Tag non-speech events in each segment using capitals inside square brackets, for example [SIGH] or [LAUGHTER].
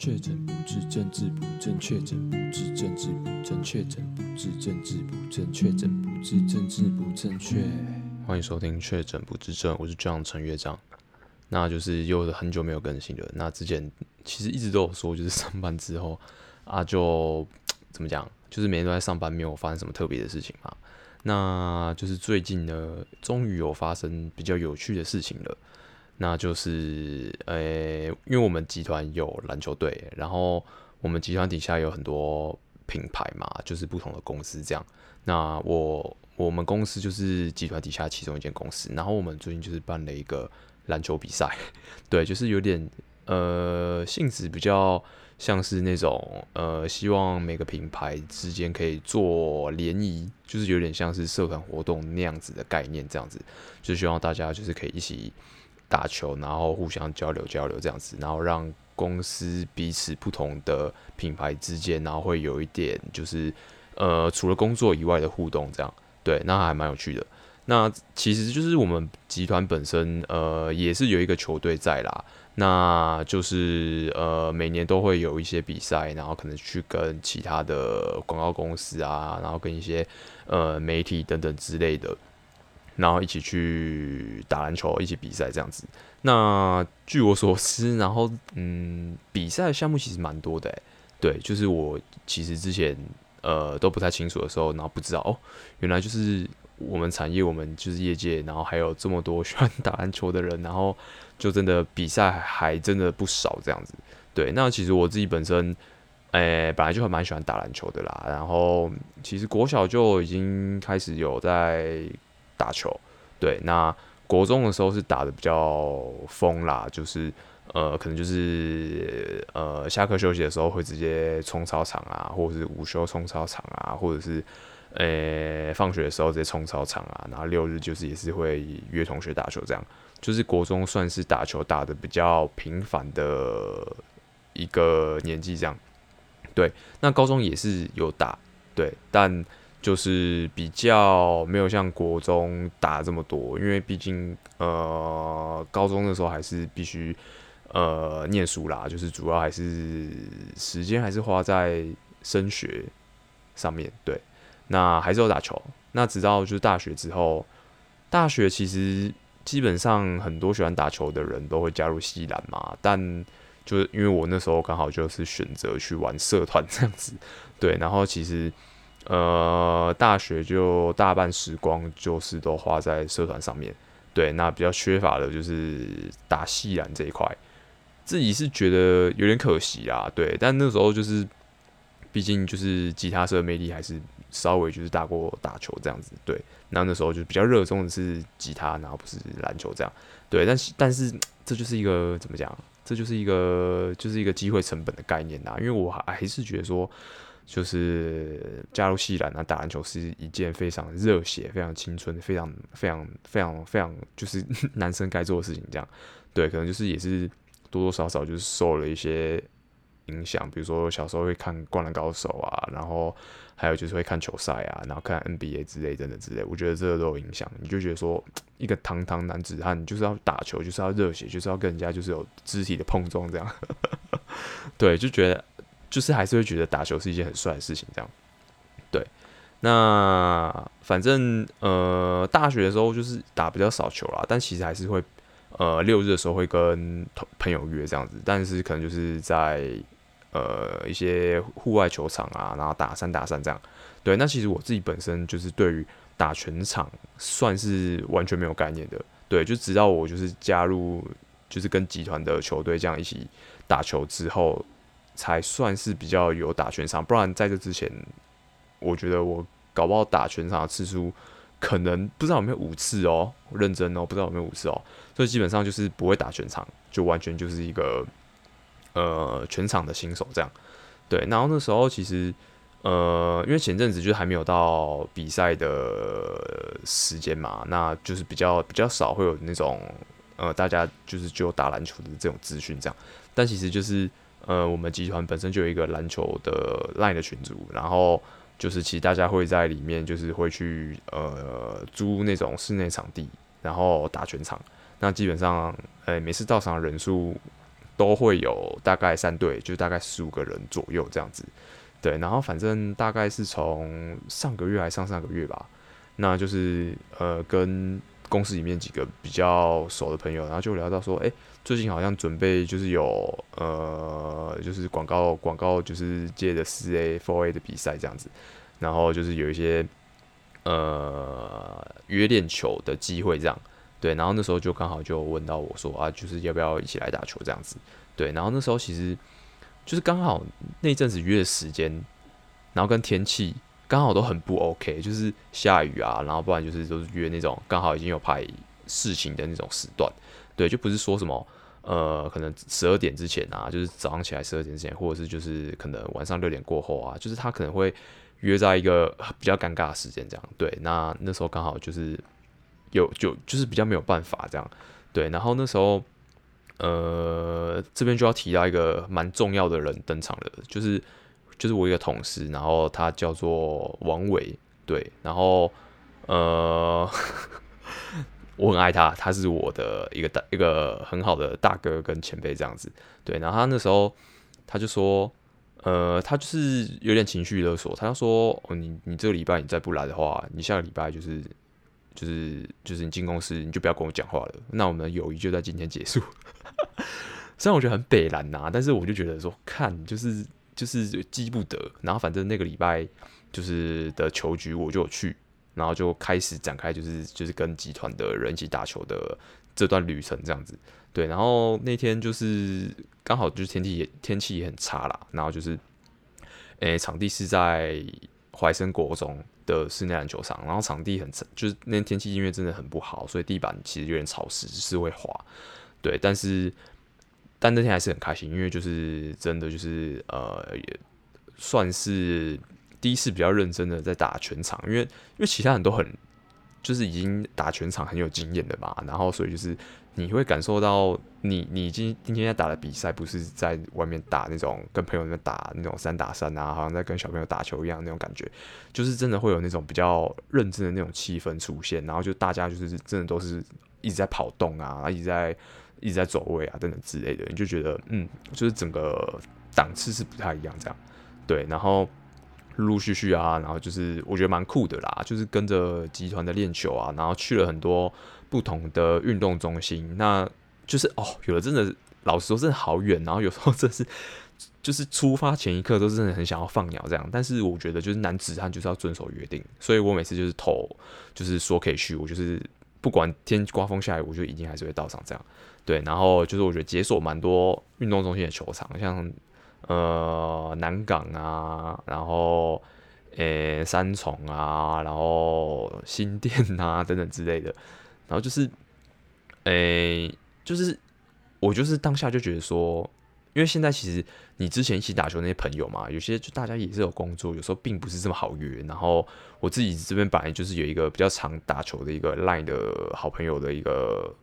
確診不治症，治不正確；確診不治症，治不正確；確診不治症，治不正確；確診不治症，治不正確。歡迎收聽《確診不治症》，我是 Jiang 陳岳章。那就是又是很久沒有更新了。那之前其實一直都有說，就是上班之後啊就，就怎麼講，就是每天都在上班，沒有發生什麼特別的事情嘛。那就是最近呢，終於有發生比較有趣的事情了。那就是呃、欸，因為我們集團有籃球隊，然後我們集團底下有很多品牌嘛，就是不同的公司這樣。那我我們公司就是集團底下其中一間公司，然後我們最近就是辦了一個籃球比賽，對，就是有點呃性質比較像是那種呃，希望每個品牌之間可以做聯誼，就是有點像是社團活動那樣子的概念這樣子，就希望大家就是可以一起打球，然後互相交流交流這樣子，然後讓公司彼此不同的品牌之間，然後會有一點就是，呃，除了工作以外的互動這樣。對，那還蠻有趣的。那其實就是我們集團本身，呃，也是有一個球隊在啦。那就是呃，每年都會有一些比賽，然後可能去跟其他的廣告公司啊，然後跟一些呃媒體等等之類的。然後一起去打籃球，一起比賽這樣子。那據我所知，然後嗯，比賽的項目其實蠻多的。對，就是我其實之前呃都不太清楚的時候，然後不知道哦，原來就是我們產業，我們就是業界，然後還有這麼多喜歡打籃球的人，然後就真的比賽還真的不少這樣子。對，那其實我自己本身，誒、呃，本來就很蠻喜歡打籃球的啦。然後其實國小就已經開始有在。打球，對，那國中的時候是打得比較瘋啦，就是呃，可能就是呃，下課休息的時候會直接衝操場啊，或者是午休衝操場啊，或者是呃、欸，放學的時候直接衝操場啊，然後六日就是也是會約同學打球，這樣，就是國中算是打球打得比較頻繁的一個年紀，這樣，對，那高中也是有打，對，但。就是比較沒有像國中打這麼多，因為畢竟呃，高中的時候還是必須呃念書啦，就是主要還是時間還是花在升學上面。對，那還是要打球。那直到就是大學之後，大學其實基本上很多喜歡打球的人都會加入系籃嘛。但就是因為我那時候剛好就是選擇去玩社團這樣子，對，然後其實。呃，大學就大半時光就是都花在社團上面，對，那比較缺乏的就是打系籃這一塊，自己是覺得有點可惜啊，對，但那時候就是，畢竟就是吉他社的魅力還是稍微就是大過打球這樣子，對，然後那時候就比較熱衷的是吉他，然後不是籃球這樣，對，但是但是這就是一個怎麼講？這就是一個就是一個機、就是、會成本的概念啊，因為我還是覺得說。就是加入系籃啊，打籃球是一件非常熱血、非常青春、非常、非常、非常、非常，就是男生該做的事情。這樣，對，可能就是也是多多少少就是受了一些影響，比如說小時候會看《灌籃高手》啊，然後還有就是會看球賽啊，然後看 NBA 之類真的之類，我覺得這個都有影響。你就覺得說，一個堂堂男子漢就是要打球，就是要熱血，就是要跟人家就是有肢體的碰撞，這樣，對，就覺得。就是還是會覺得打球是一件很帥的事情，這樣，對。那反正呃，大學的時候就是打比較少球啦，但其實還是會呃六日的時候會跟朋友約這樣子，但是可能就是在呃一些戶外球場啊，然後打三打三這樣。對，那其實我自己本身就是對於打全場算是完全沒有概念的，對，就直到我就是加入就是跟集團的球隊這樣一起打球之後。才算是比較有打全場，不然在這之前，我覺得我搞不好打全場的次數可能不知道有沒有五次喔，認真喔，不知道有沒有五次喔，所以基本上就是不會打全場，就完全就是一個呃全場的新手這樣。對，然後那時候其實呃，因為前陣子就還沒有到比賽的時間嘛，那就是比較比較少會有那種呃大家就是就打籃球的這種資訊這樣，但其實就是。呃，我們集團本身就有一個籃球的 LINE 的群組，然後就是其實大家會在裡面，就是會去呃租那種室內場地，然後打全場。那基本上，呃、欸，每次到場人數都會有大概三隊，就大概十五個人左右這樣子。對，然後反正大概是從上個月還上上個月吧，那就是呃跟公司裡面幾個比較熟的朋友，然後就聊到說，誒、欸。最近好像準備就是有呃，就是廣告廣告就是界的四 A Four A 的比賽這樣子，然後就是有一些呃約練球的機會這樣，對，然後那時候就剛好就問到我說啊，就是要不要一起來打球這樣子，對，然後那時候其實就是剛好那陣子約的時間，然後跟天氣剛好都很不 OK，就是下雨啊，然後不然就是都是約那種剛好已經有排事情的那種時段。對，就不是說什麼，呃，可能十二點之前啊，就是早上起來十二點之前，或者是就是可能晚上六點過後啊，就是他可能會約在一個比較尷尬的時間，這樣。對，那那時候剛好就是有就就是比較沒有辦法這樣。對，然後那時候，呃，這邊就要提到一個蠻重要的人登場了，就是就是我一個同事，然後他叫做王偉，對，然後呃。 [LAUGHS] 我很愛他，他是我的一個大、一個很好的大哥跟前輩這樣子。對，然後他那時候他就說，呃，他就是有點情緒勒索，他就說，哦，你你這個禮拜你再不來的話，你下個禮拜就是就是就是你進公司你就不要跟我講話了，那我們的友誼就在今天結束。 [LAUGHS] 雖然我覺得很北藍吶、啊，但是我就覺得說，看就是就是記不得。然後反正那個禮拜就是的球局我就去。然後就開始展開，就是就是跟集團的人一起打球的這段旅程，這樣子。對，然後那天就是剛好就是天氣也天氣也很差啦，然後就是，誒，場地是在懷生國中的室內籃球場，然後場地很就是那天天氣因為真的很不好，所以地板其實有點潮濕，就是會滑。對，但是但那天還是很開心，因為就是真的就是呃，也算是。第一次比較認真的在打全場，因為因為其他人都很就是已經打全場很有經驗的嘛，然後所以就是你會感受到你你今今天在打的比賽不是在外面打那種跟朋友在打那種三打三啊，好像在跟小朋友打球一樣那種感覺，就是真的會有那種比較認真的那種氣氛出現，然後就大家就是真的都是一直在跑動啊，一直在一直在走位啊，等等之類的，你就覺得嗯，就是整個檔次是不太一樣這樣，對，然後。陸陸續續啊，然後就是我覺得蠻酷的啦，就是跟着集團的練球啊，然後去了很多不同的運動中心。那就是哦，有的真的老實說真的好遠，然後有時候真的是就是出發前一刻都真的很想要放鳥這樣。但是我覺得就是男子漢就是要遵守約定，所以我每次就是投，就是說可以去，我就是不管天颳風下雨，我就一定還是會到場這樣。對，然後就是我覺得解鎖蠻多運動中心的球場，像。呃，南港啊，然後，誒、欸，三重啊，然後新店吶、啊，等等之類的，然後就是，誒、欸，就是我就是當下就覺得說，因為現在其實你之前一起打球那些朋友嘛，有些就大家也是有工作，有時候並不是這麼好約。然後我自己這邊本來就是有一個比較常打球的一個 line 的好朋友的一個。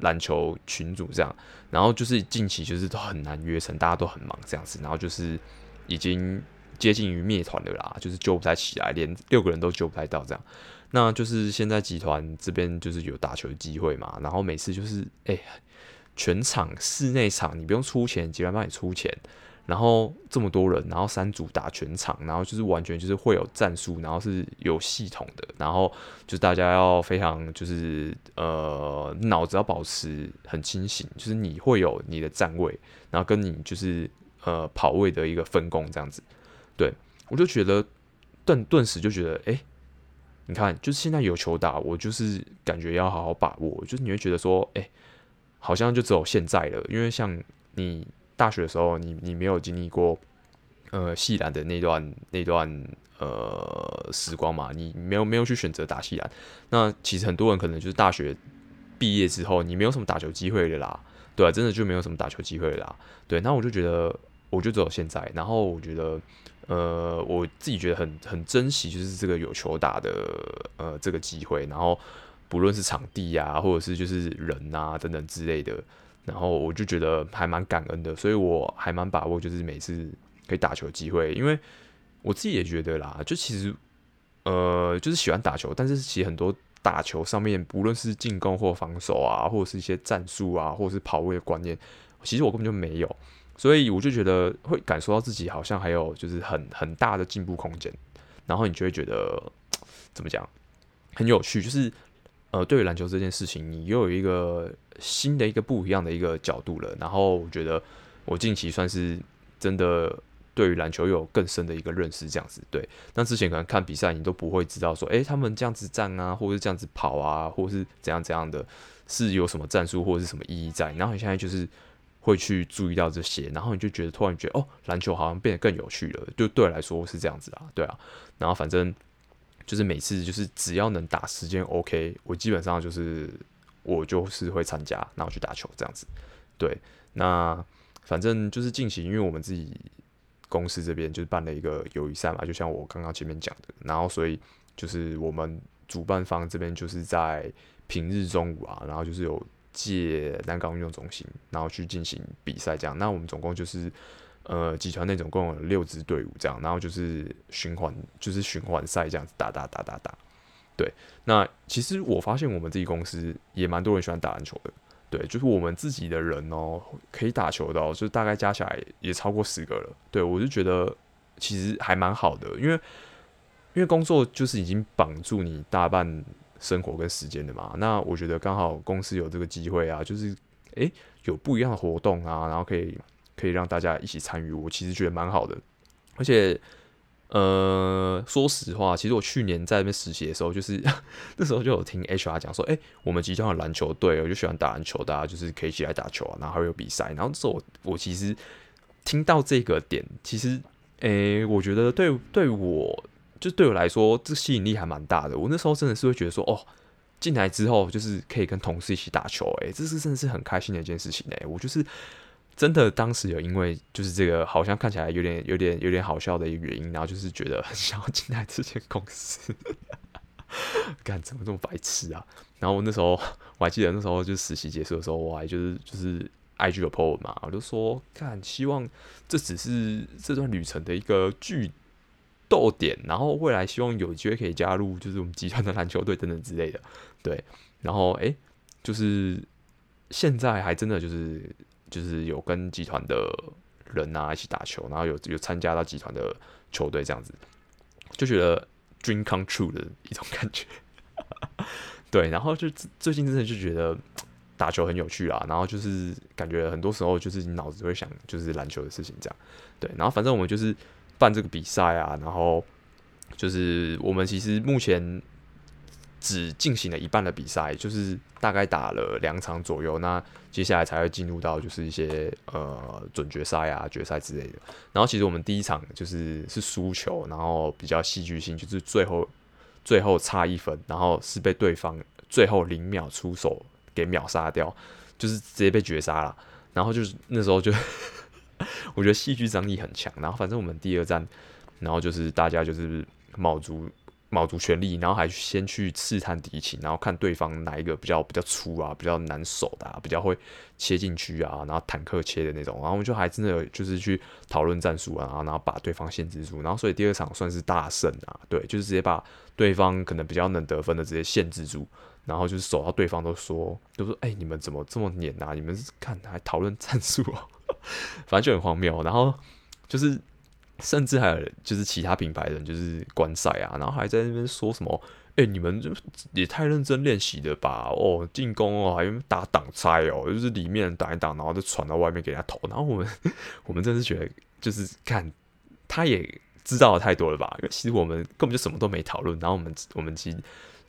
籃球群組這樣，然後就是近期就是都很難約成，大家都很忙這樣子，然後就是已經接近於滅團了啦，就是揪不太起來，連六個人都揪不太到這樣。那就是現在集團這邊就是有打球的機會嘛，然後每次就是哎、欸，全場室內場你不用出錢，集團幫你出錢。然後這麼多人，然後三組打全場，然後就是完全就是會有戰術，然後是有系統的，然後就大家要非常就是呃腦子要保持很清醒，就是你會有你的站位，然後跟你就是呃跑位的一個分工這樣子。對，我就覺得頓頓時就覺得，哎，你看，就是現在有球打，我就是感覺要好好把握，就是你會覺得說，哎，好像就只有現在了，因為像你。大學的時候你，你你沒有經歷過呃系籃的那段那段呃時光嘛？你沒有沒有去選擇打系籃。那其實很多人可能就是大學畢業之後，你沒有什麼打球機會的啦，對啊，真的就沒有什麼打球機會啦，對。那我就覺得，我就只有現在。然後我覺得，呃，我自己覺得很很珍惜，就是這個有球打的呃這個機會。然後不論是場地啊，或者是就是人啊等等之類的。然後我就覺得還蠻感恩的，所以我還蠻把握，就是每次可以打球機會，因為我自己也覺得啦，就其實呃，就是喜歡打球，但是其實很多打球上面，不論是進攻或防守啊，或者是一些戰術啊，或者是跑位的觀念，其實我根本就沒有，所以我就覺得會感受到自己好像還有就是很很大的進步空間，然後你就會覺得怎麼講，很有趣，就是。呃，對於籃球這件事情，你又有一個新的一個不一樣的一個角度了。然後我覺得，我近期算是真的對於籃球有更深的一個認識，這樣子，對。那之前可能看比賽，你都不會知道說，誒，他們這樣子站啊，或者是這樣子跑啊，或是怎樣怎樣的，是有什麼戰術或者是什麼意義在。然後你現在就是會去注意到這些，然後你就覺得突然覺得，哦，籃球好像變得更有趣了。就對我來說是這樣子啊，對啊。然後反正。就是每次就是只要能打時間 OK，我基本上就是我就是會參加，然後去打球這樣子。對，那反正就是進行，因為我們自己公司這邊就是辦了一個友誼賽嘛，就像我剛剛前面講的，然後所以就是我們主辦方這邊就是在平日中午啊，然後就是有借南港運動中心，然後去進行比賽這樣。那我們總共就是。呃，集團內總共有六支隊伍這樣，然後就是循環，就是循環賽這樣子打打打打打。對，那其實我發現我們自己公司也蠻多人喜歡打籃球的，對，就是我們自己的人哦、喔，可以打球的、喔，就大概加起來也，也超過十個了。對，我就覺得其實還蠻好的，因為因為工作就是已經綁住你大半生活跟時間的嘛，那我覺得剛好公司有這個機會啊，就是誒、欸，有不一樣的活動啊，然後可以。可以讓大家一起參與，我其實覺得蠻好的。而且，呃，說實話，其實我去年在那邊實習的時候，就是 [LAUGHS] 那時候就有聽 HR 講說，誒、欸，我們即將有籃球隊，我就喜歡打籃球，大家就是可以一起來打球、啊、然後還有比賽。然後，這時候我，我其實聽到這個點，其實，誒、欸，我覺得對對我就對我來說，這吸引力還蠻大的。我那時候真的是會覺得說，哦，進來之後就是可以跟同事一起打球、欸，誒，這是真的是很開心的一件事情哎、欸，我就是。真的，當時有因為就是這個，好像看起來有點、有點、有點好笑的一個原因，然後就是覺得很想要進來這間公司。 [LAUGHS] 幹，怎麼這麼白痴啊？然後我那時候我還記得，那時候就實習結束的時候，我還就是就是 IG 有 PO 嘛，我就說，幹，希望這只是這段旅程的一個劇逗點，然後未來希望有機會可以加入，就是我們集團的籃球隊等等之類的。對，然後哎、欸，就是現在還真的就是。就是有跟集團的人啊一起打球，然後有有參加到集團的球隊這樣子，就覺得 dream come true 的一種感覺。 [LAUGHS] 對，然後就最近真的就覺得打球很有趣啊，然後就是感覺很多時候就是你腦子都會想就是籃球的事情這樣。對，然後反正我們就是辦這個比賽啊，然後就是我們其實目前。只進行了一半的比賽，就是大概打了兩場左右，那接下來才會進入到就是一些呃準決賽啊、決賽之類的。然後其實我們第一場就是是輸球，然後比較戲劇性，就是最後最後差一分，然後是被對方最後零秒出手給秒殺掉，就是直接被絕殺了。然後就是那時候就 [LAUGHS] 我覺得戲劇張力很強。然後反正我們第二戰，然後就是大家就是鉚足。卯足全力，然後還先去試探敵情，然後看對方哪一個比較比較粗啊，比較難守的啊，比較會切進去啊，然後坦克切的那種，然後我們就還真的就是去討論戰術啊、然，然後把對方限制住，然後所以第二場算是大勝啊，對，就是直接把對方可能比較能得分的直接限制住，然後就是守到對方都說，就說哎，欸，你們怎麼這麼黏啊？你們是看還討論戰術啊？ [LAUGHS] 反正就很荒謬，然後就是。甚至還有就是其他品牌的人就是觀賽啊，然後還在那邊說什麼：“哎、欸，你們就也太認真練習了吧？哦，進攻哦，還打擋拆哦，就是裡面擋一擋，然後就傳到外面給他投。”然後我們我們真的是覺得就是看他也知道的太多了吧？其實我們根本就什麼都沒討論。然後我們我們其實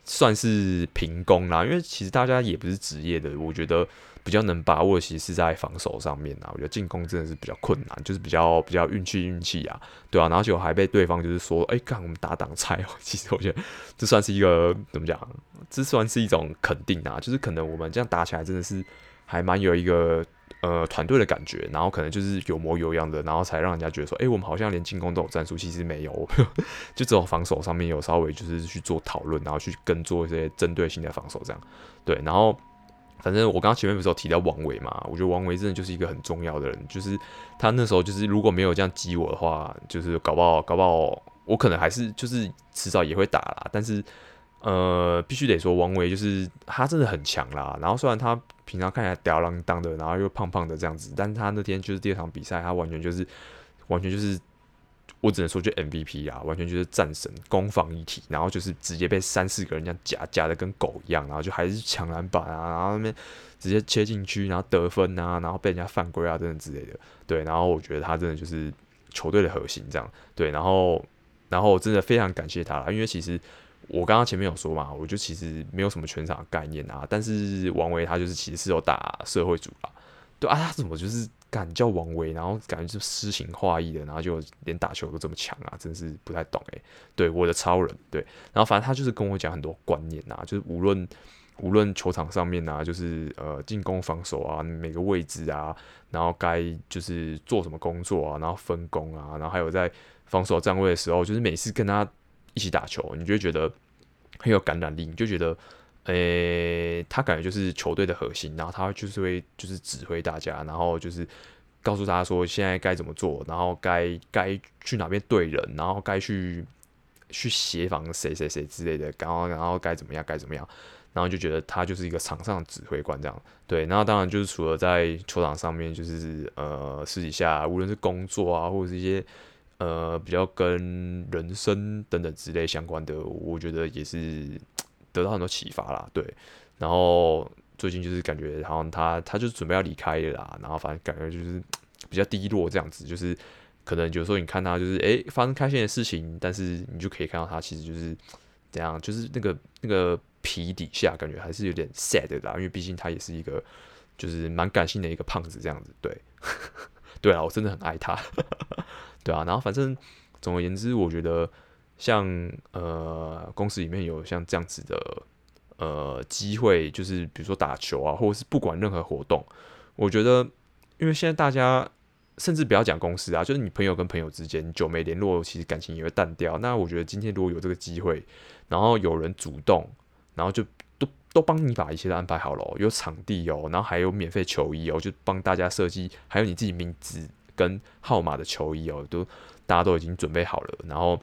算是平攻啦，因為其實大家也不是職業的，我覺得。比較能把握其實是在防守上面啊，我覺得進攻真的是比較困難，就是比較比較運氣運氣啊，對啊，然後就還被對方就是說，哎、欸，看我們打擋拆。喔，其實我覺得這算是一個怎麼講？這算是一種肯定啊，就是可能我們這樣打起來真的是還蠻有一個呃團隊的感覺，然後可能就是有模有樣的，然後才讓人家覺得說，哎、欸，我們好像連進攻都有戰術，其實沒有， [LAUGHS] 就只有防守上面有稍微就是去做討論，然後去跟做一些針對性的防守這樣，對，然後。反正我剛剛前面不是有提到王維嘛，我覺得王維真的就是一個很重要的人，就是他那時候就是如果沒有這樣激我的話，就是搞不好搞不好我可能還是就是遲早也會打啦，但是呃必須得說王維就是他真的很強啦。然後雖然他平常看起來吊兒郎當的，然後又胖胖的這樣子，但是他那天就是第二場比賽，他完全就是完全就是。我只能說就 MVP 啦，完全就是戰神，攻防一體，然後就是直接被三四個人這樣夾夾的跟狗一樣，然後就還是搶籃板啊，然後那邊直接切進去，然後得分啊，然後被人家犯規啊，真的之類的。對，然後我覺得他真的就是球隊的核心這樣。對，然後然後我真的非常感謝他啦，因為其實我剛剛前面有說嘛，我就其實沒有什麼全場的概念啊，但是王維他就是其實是有打社會組啦。對啊，他怎麼就是？敢叫王維，然後感覺就詩情畫意的，然後就連打球都這麼強啊，真是不太懂誒、欸。對，我的超人，對，然後反正他就是跟我講很多觀念啊，就是無論無論球場上面啊，就是呃進攻防守啊，每個位置啊，然後該就是做什麼工作啊，然後分工啊，然後還有在防守站位的時候，就是每次跟他一起打球，你就覺得很有感染力，你就覺得。呃、欸，他感覺就是球隊的核心，然後他就是會就是指揮大家，然後就是告訴大家說現在該怎麼做，然後該該去哪邊對人，然後該去去協防誰誰誰之類的，然後然後該怎麼樣該怎麼樣，然後就覺得他就是一個場上的指揮官這樣。對，那當然就是除了在球場上面，就是呃私底下，無論是工作啊，或者是一些呃比較跟人生等等之類相關的，我覺得也是。得到很多啟發啦，對。然後最近就是感覺，好像他他就是準備要離開了啦，然後反正感覺就是比較低落這樣子。就是可能有時候你看他，就是哎、欸、發生開心的事情，但是你就可以看到他其實就是這樣，就是那個那個皮底下感覺還是有點 sad 的啦，因為畢竟他也是一個就是蠻感性的一個胖子這樣子。對， [LAUGHS] 對啊，我真的很愛他。 [LAUGHS] 對啊，然後反正總而言之，我覺得。像呃，公司裡面有像這樣子的呃機會，就是比如說打球啊，或者是不管任何活動，我覺得，因為現在大家甚至不要講公司啊，就是你朋友跟朋友之間久沒聯絡，其實感情也會淡掉。那我覺得今天如果有這個機會，然後有人主動，然後就都都幫你把一切都安排好了喔，有場地哦、喔，然後還有免費球衣哦、喔，就幫大家設計，還有你自己名字跟號碼的球衣哦、喔，都大家都已經準備好了，然後。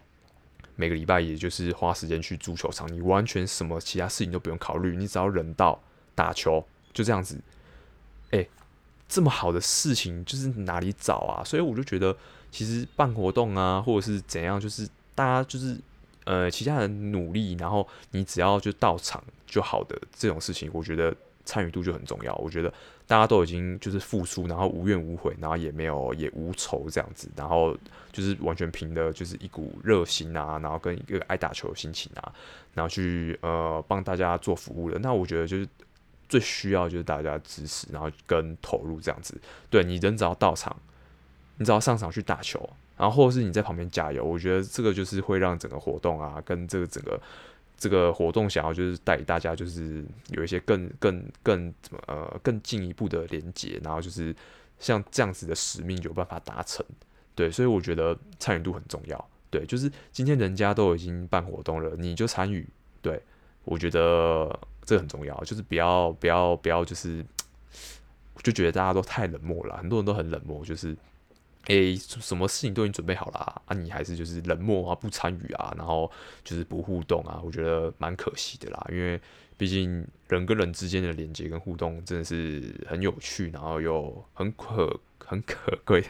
每個禮拜，也就是花時間去足球場，你完全什麼其他事情都不用考慮，你只要人到打球就這樣子。誒、欸，這麼好的事情就是哪裡找啊？所以我就覺得，其實辦活動啊，或者是怎樣，就是大家就是呃，其他人努力，然後你只要就到場就好的這種事情，我覺得參與度就很重要。我覺得。大家都已經就是付出，然後無怨無悔，然後也沒有也無仇這樣子，然後就是完全憑的，就是一股熱心啊，然後跟一個愛打球的心情啊，然後去呃幫大家做服務的。那我覺得就是最需要就是大家支持，然後跟投入這樣子。對，你人只要到場，你只要上場去打球，然後或者是你在旁邊加油，我覺得這個就是會讓整個活動啊，跟這個整個。這個活動想要就是帶給大家，就是有一些更、更、更怎麼呃更進一步的連接，然後就是像這樣子的使命有辦法達成，對，所以我覺得參與度很重要，對，就是今天人家都已經辦活動了，你就參與，對，我覺得這很重要，就是不要、不要、不要，就是就覺得大家都太冷漠了，很多人都很冷漠，就是。誒、欸，什麼事情都已經準備好了啊！你還是就是冷漠啊，不參與啊，然後就是不互動啊，我覺得蠻可惜的啦。因為畢竟人跟人之間的連接跟互動真的是很有趣，然後又很可很可貴。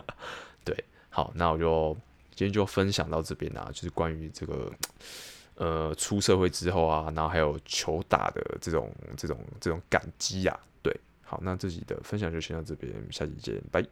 [LAUGHS] 對，好，那我就今天就分享到這邊啦、啊。就是關於這個呃出社會之後啊，然後還有球打的這種這種這種感激呀、啊。對，好，那自己的分享就先到這邊，下期見，拜。